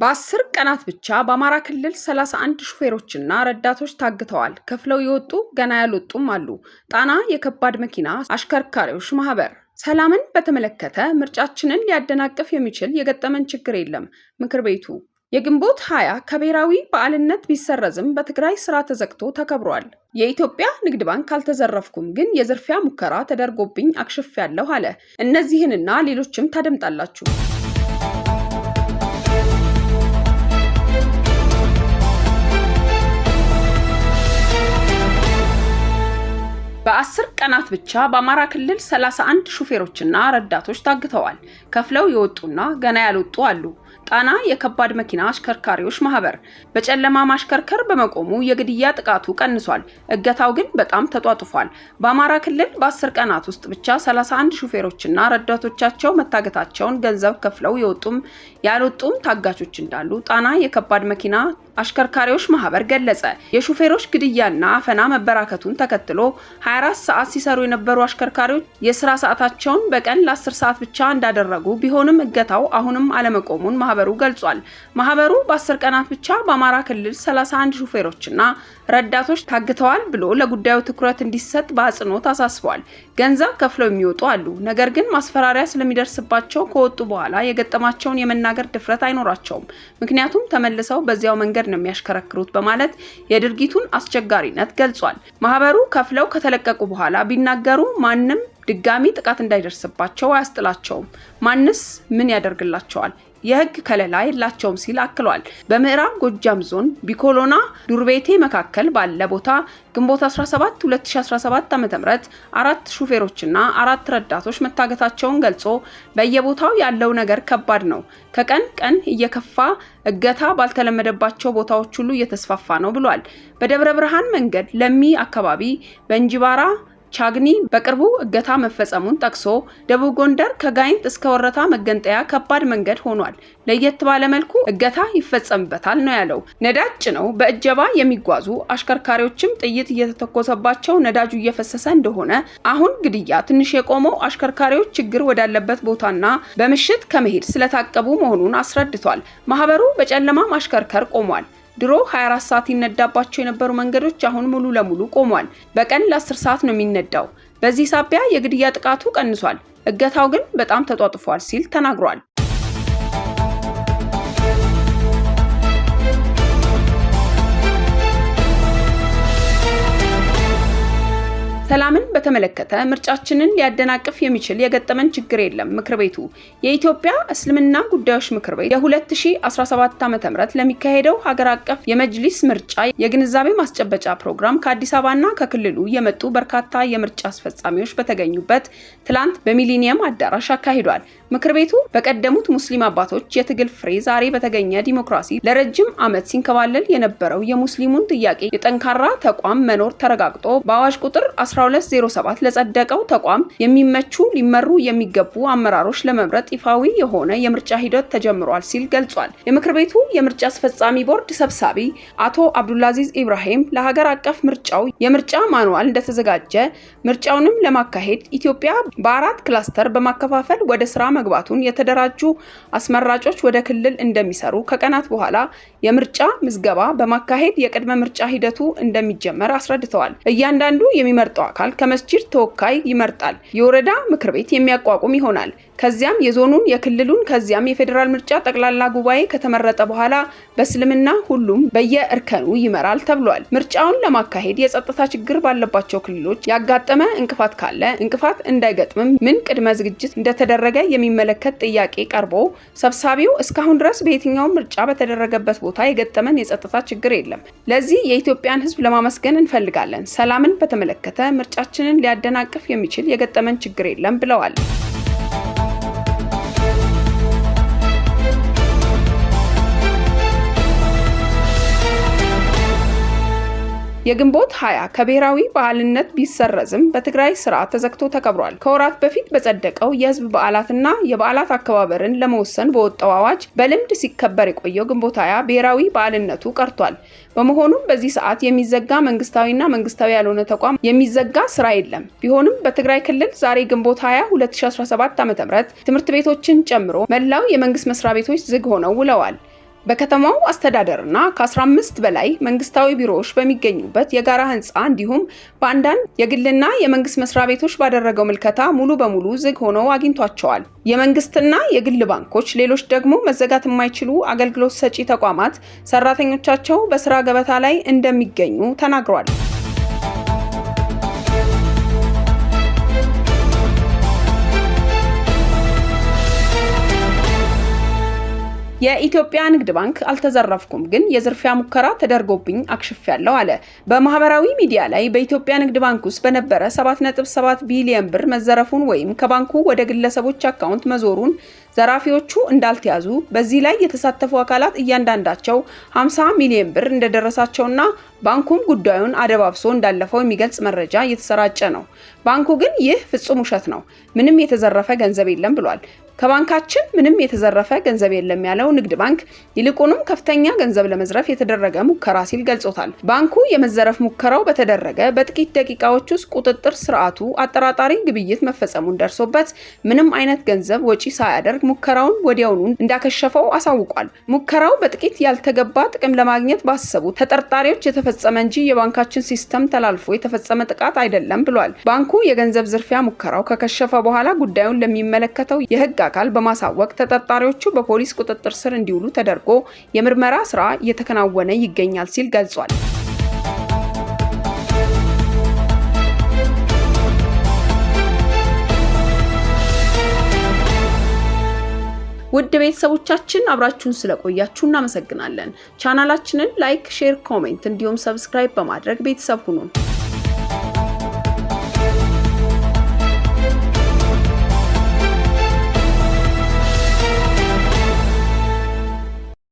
በአስር ቀናት ብቻ በአማራ ክልል 31 ሹፌሮችና ረዳቶች ታግተዋል። ከፍለው የወጡ ገና ያልወጡም አሉ። ጣና የከባድ መኪና አሽከርካሪዎች ማህበር ሰላምን በተመለከተ ምርጫችንን ሊያደናቅፍ የሚችል የገጠመን ችግር የለም። ምክር ቤቱ የግንቦት ሀያ ከብሔራዊ በዓልነት ቢሰረዝም በትግራይ ስራ ተዘግቶ ተከብሯል። የኢትዮጵያ ንግድ ባንክ አልተዘረፍኩም፣ ግን የዝርፊያ ሙከራ ተደርጎብኝ አክሽፍ ያለሁ አለ። እነዚህንና ሌሎችም ታደምጣላችሁ። በአስር ቀናት ብቻ በአማራ ክልል 31 ሹፌሮችና ረዳቶች ታግተዋል። ከፍለው የወጡና ገና ያልወጡ አሉ። ጣና የከባድ መኪና አሽከርካሪዎች ማህበር በጨለማ ማሽከርከር በመቆሙ የግድያ ጥቃቱ ቀንሷል፣ እገታው ግን በጣም ተጧጡፏል። በአማራ ክልል በ10 ቀናት ውስጥ ብቻ 31 ሹፌሮችና ረዳቶቻቸው መታገታቸውን ገንዘብ ከፍለው የወጡም ያልወጡም ታጋቾች እንዳሉ ጣና የከባድ መኪና አሽከርካሪዎች ማህበር ገለጸ። የሹፌሮች ግድያና አፈና መበራከቱን ተከትሎ 24 ሰዓት ሲሰሩ የነበሩ አሽከርካሪዎች የስራ ሰዓታቸውን በቀን ለ10 ሰዓት ብቻ እንዳደረጉ ቢሆንም እገታው አሁንም አለመቆሙን መሆኑን ማህበሩ ገልጿል። ማህበሩ በአስር ቀናት ብቻ በአማራ ክልል 31 ሹፌሮችና ረዳቶች ታግተዋል ብሎ ለጉዳዩ ትኩረት እንዲሰጥ በአጽንኦት አሳስቧል። ገንዘብ ከፍለው የሚወጡ አሉ፣ ነገር ግን ማስፈራሪያ ስለሚደርስባቸው ከወጡ በኋላ የገጠማቸውን የመናገር ድፍረት አይኖራቸውም፣ ምክንያቱም ተመልሰው በዚያው መንገድ ነው የሚያሽከረክሩት በማለት የድርጊቱን አስቸጋሪነት ገልጿል። ማህበሩ ከፍለው ከተለቀቁ በኋላ ቢናገሩ ማንም ድጋሚ ጥቃት እንዳይደርስባቸው አያስጥላቸውም። ማንስ ምን ያደርግላቸዋል? የህግ ከለላ የላቸውም ሲል አክሏል። በምዕራብ ጎጃም ዞን ቢኮሎና ዱርቤቴ መካከል ባለ ቦታ ግንቦት 17 2017 ዓ.ም አራት ሹፌሮችና አራት ረዳቶች መታገታቸውን ገልጾ በየቦታው ያለው ነገር ከባድ ነው፣ ከቀን ቀን እየከፋ እገታ ባልተለመደባቸው ቦታዎች ሁሉ እየተስፋፋ ነው ብሏል። በደብረ ብርሃን መንገድ ለሚ አካባቢ በእንጂባራ ቻግኒ በቅርቡ እገታ መፈጸሙን ጠቅሶ ደቡብ ጎንደር ከጋይንት እስከ ወረታ መገንጠያ ከባድ መንገድ ሆኗል፣ ለየት ባለመልኩ እገታ ይፈጸምበታል ነው ያለው። ነዳጅ ጭነው በእጀባ የሚጓዙ አሽከርካሪዎችም ጥይት እየተተኮሰባቸው ነዳጁ እየፈሰሰ እንደሆነ፣ አሁን ግድያ ትንሽ የቆመው አሽከርካሪዎች ችግር ወዳለበት ቦታና በምሽት ከመሄድ ስለታቀቡ መሆኑን አስረድቷል። ማህበሩ በጨለማ ማሽከርከር ቆሟል። ድሮ 24 ሰዓት ይነዳባቸው የነበሩ መንገዶች አሁን ሙሉ ለሙሉ ቆሟል። በቀን ለ10 ሰዓት ነው የሚነዳው። በዚህ ሳቢያ የግድያ ጥቃቱ ቀንሷል፣ እገታው ግን በጣም ተጧጥፏል ሲል ተናግሯል። ሰላምን በተመለከተ ምርጫችንን ሊያደናቅፍ የሚችል የገጠመን ችግር የለም። ምክር ቤቱ የኢትዮጵያ እስልምና ጉዳዮች ምክር ቤት የ2017 ዓ.ም ለሚካሄደው ሀገር አቀፍ የመጅሊስ ምርጫ የግንዛቤ ማስጨበጫ ፕሮግራም ከአዲስ አበባና ከክልሉ የመጡ በርካታ የምርጫ አስፈጻሚዎች በተገኙበት ትላንት በሚሊኒየም አዳራሽ አካሂዷል። ምክር ቤቱ በቀደሙት ሙስሊም አባቶች የትግል ፍሬ ዛሬ በተገኘ ዲሞክራሲ ለረጅም ዓመት ሲንከባለል የነበረው የሙስሊሙን ጥያቄ የጠንካራ ተቋም መኖር ተረጋግጦ በአዋጅ ቁጥር 1207 ለጸደቀው ተቋም የሚመቹ ሊመሩ የሚገቡ አመራሮች ለመምረጥ ይፋዊ የሆነ የምርጫ ሂደት ተጀምሯል ሲል ገልጿል። የምክር ቤቱ የምርጫ አስፈጻሚ ቦርድ ሰብሳቢ አቶ አብዱላዚዝ ኢብራሂም ለሀገር አቀፍ ምርጫው የምርጫ ማንዋል እንደተዘጋጀ ምርጫውንም ለማካሄድ ኢትዮጵያ በአራት ክላስተር በማከፋፈል ወደ ስራ መግባቱን የተደራጁ አስመራጮች ወደ ክልል እንደሚሰሩ ከቀናት በኋላ የምርጫ ምዝገባ በማካሄድ የቅድመ ምርጫ ሂደቱ እንደሚጀመር አስረድተዋል። እያንዳንዱ የሚመርጠው አካል ከመስጂድ ተወካይ ይመርጣል። የወረዳ ምክር ቤት የሚያቋቁም ይሆናል። ከዚያም የዞኑን፣ የክልሉን ከዚያም የፌዴራል ምርጫ ጠቅላላ ጉባኤ ከተመረጠ በኋላ በእስልምና ሁሉም በየእርከኑ ይመራል ተብሏል። ምርጫውን ለማካሄድ የጸጥታ ችግር ባለባቸው ክልሎች ያጋጠመ እንቅፋት ካለ እንቅፋት እንዳይገጥምም ምን ቅድመ ዝግጅት እንደተደረገ የሚመለከት ጥያቄ ቀርቦ ሰብሳቢው እስካሁን ድረስ በየትኛውም ምርጫ በተደረገበት ቦታ የገጠመን የጸጥታ ችግር የለም፣ ለዚህ የኢትዮጵያን ሕዝብ ለማመስገን እንፈልጋለን። ሰላምን በተመለከተ ምርጫችንን ሊያደናቅፍ የሚችል የገጠመን ችግር የለም ብለዋል። የግንቦት 20 ከብሔራዊ በዓልነት ቢሰረዝም በትግራይ ስርዓት ተዘግቶ ተከብሯል። ከወራት በፊት በጸደቀው የህዝብ በዓላትና የበዓላት አከባበርን ለመወሰን በወጣው አዋጅ በልምድ ሲከበር የቆየው ግንቦት ሀያ ብሔራዊ በዓልነቱ ቀርቷል። በመሆኑም በዚህ ሰዓት የሚዘጋ መንግስታዊና መንግስታዊ ያልሆነ ተቋም የሚዘጋ ስራ የለም። ቢሆንም በትግራይ ክልል ዛሬ ግንቦት 20 2017 ዓ.ም ትምህርት ቤቶችን ጨምሮ መላው የመንግስት መስሪያ ቤቶች ዝግ ሆነው ውለዋል። በከተማው አስተዳደርና ከ15 በላይ መንግስታዊ ቢሮዎች በሚገኙበት የጋራ ህንፃ እንዲሁም በአንዳንድ የግልና የመንግስት መስሪያ ቤቶች ባደረገው ምልከታ ሙሉ በሙሉ ዝግ ሆነው አግኝቷቸዋል። የመንግስትና የግል ባንኮች፣ ሌሎች ደግሞ መዘጋት የማይችሉ አገልግሎት ሰጪ ተቋማት ሰራተኞቻቸው በስራ ገበታ ላይ እንደሚገኙ ተናግሯል። የኢትዮጵያ ንግድ ባንክ አልተዘረፍኩም፣ ግን የዝርፊያ ሙከራ ተደርጎብኝ ያለው አለ። በማህበራዊ ሚዲያ ላይ በኢትዮጵያ ንግድ ባንክ ውስጥ በነበረ 7.7 ቢሊዮን ብር መዘረፉን ወይም ከባንኩ ወደ ግለሰቦች አካውንት መዞሩን ዘራፊዎቹ እንዳልተያዙ በዚህ ላይ የተሳተፉ አካላት እያንዳንዳቸው 50 ሚሊዮን ብር እንደደረሳቸውና ባንኩም ጉዳዩን አደባብሶ እንዳለፈው የሚገልጽ መረጃ እየተሰራጨ ነው። ባንኩ ግን ይህ ፍጹም ውሸት ነው፣ ምንም የተዘረፈ ገንዘብ የለም ብሏል። ከባንካችን ምንም የተዘረፈ ገንዘብ የለም ያለው ንግድ ባንክ ይልቁንም ከፍተኛ ገንዘብ ለመዝረፍ የተደረገ ሙከራ ሲል ገልጾታል። ባንኩ የመዘረፍ ሙከራው በተደረገ በጥቂት ደቂቃዎች ውስጥ ቁጥጥር ስርዓቱ አጠራጣሪ ግብይት መፈጸሙን ደርሶበት ምንም አይነት ገንዘብ ወጪ ሳያደርግ ሙከራውን ወዲያውኑ እንዳከሸፈው አሳውቋል። ሙከራው በጥቂት ያልተገባ ጥቅም ለማግኘት ባሰቡ ተጠርጣሪዎች የተፈጸመ እንጂ የባንካችን ሲስተም ተላልፎ የተፈጸመ ጥቃት አይደለም ብሏል። ባንኩ የገንዘብ ዝርፊያ ሙከራው ከከሸፈ በኋላ ጉዳዩን ለሚመለከተው የህግ አካል በማሳወቅ ተጠርጣሪዎቹ በፖሊስ ቁጥጥር ስር እንዲውሉ ተደርጎ የምርመራ ስራ እየተከናወነ ይገኛል ሲል ገልጿል። ውድ ቤተሰቦቻችን አብራችሁን ስለቆያችሁ እናመሰግናለን። ቻናላችንን ላይክ፣ ሼር፣ ኮሜንት እንዲሁም ሰብስክራይብ በማድረግ ቤተሰብ ሁኑን።